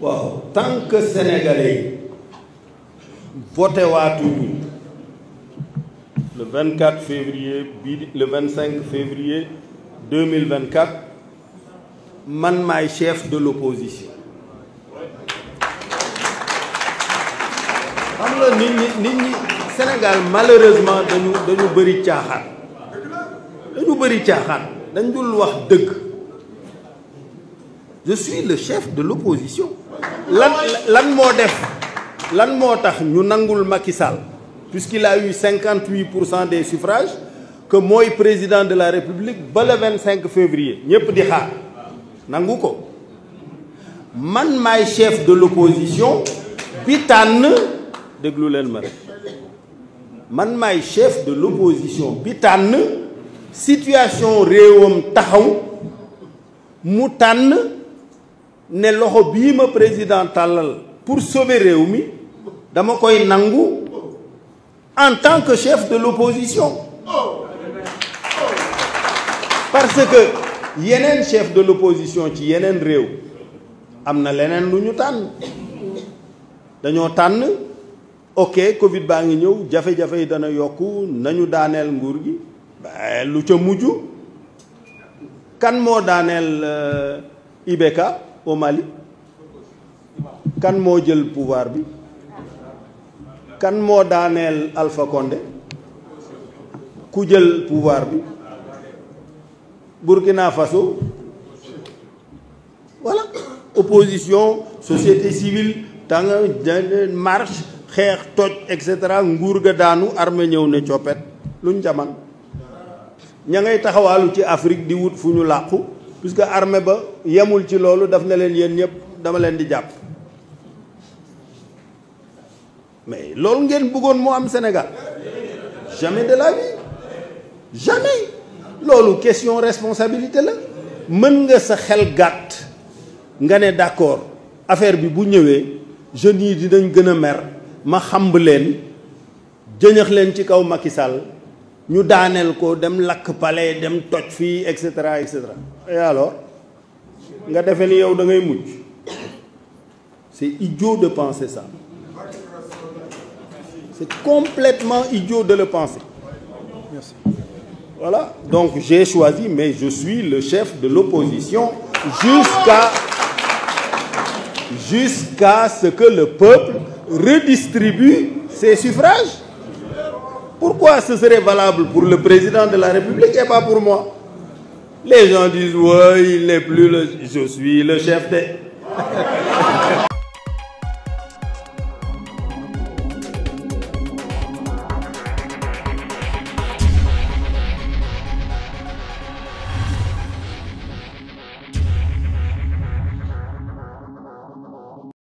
waaw tant que sénégalais votez voté le 24 février le 25 février 2024 man maay chef de l'opposition xam ni nit nit Sénégal malheureusement Nous de nous Nous dañu de nous dañ dul wax dëgg je suis le chef de l'opposition lan lan moo def lan mo tax ñu nangul Macky Sall puisqu'il a eu 58 des suffrages que moi président de la République ba le 25 février ñep di xaar nanguko man may chef de l'opposition Bitane de déglu man may chef de l'opposition Bitane situation réewam taxaw mu tan ne loxo bi ma président pour sauver rewmi dama koy nangu en tant que chef de l'opposition parce que yenen chef de l'opposition ci yenen rew amna lenen luñu tan ñu tan ok Covid baa ngi ñëw jafe-jafe yi dana yokku nañu danel nguur gi bah, lu ca muju kan moo euh, ibeka au Mali kan mo jël pouvoir bi kan mo danel Alpha Condé ku jël pouvoir bi Burkina Faso voilà opposition société civile tàng marche xex toj etc. cetera nguur ga daanu armée ñew ne chopet luñ jaman ñay ngay ci Afrique di wut fuñu ñu puisque armée ba yemul ci loolu daf na leen yéen ñëpp dama leen di jàpp mais loolu ngeen bëggoon moo am senegal jamais de la vie jamais loolu question responsabilité la mën nga sa xel gàtt nga ne d'accord affaire bi bu ñëwee jeunes yi dinañ gën a mer ma xamb leen jëñax leen ci kaw Macky ñu daaneel ko dem lak dem toj et et alors nga c'est idiot de penser ça c'est complètement idiot de le penser Merci. voilà donc j'ai choisi mais je suis le chef de l'opposition jusqu'à jusqu'à ce que le peuple redistribue ses suffrages pourquoi ce serait valable pour le président de la République et pas pour moi Les gens disent, ouais, il n'est plus le... Je suis le chef des...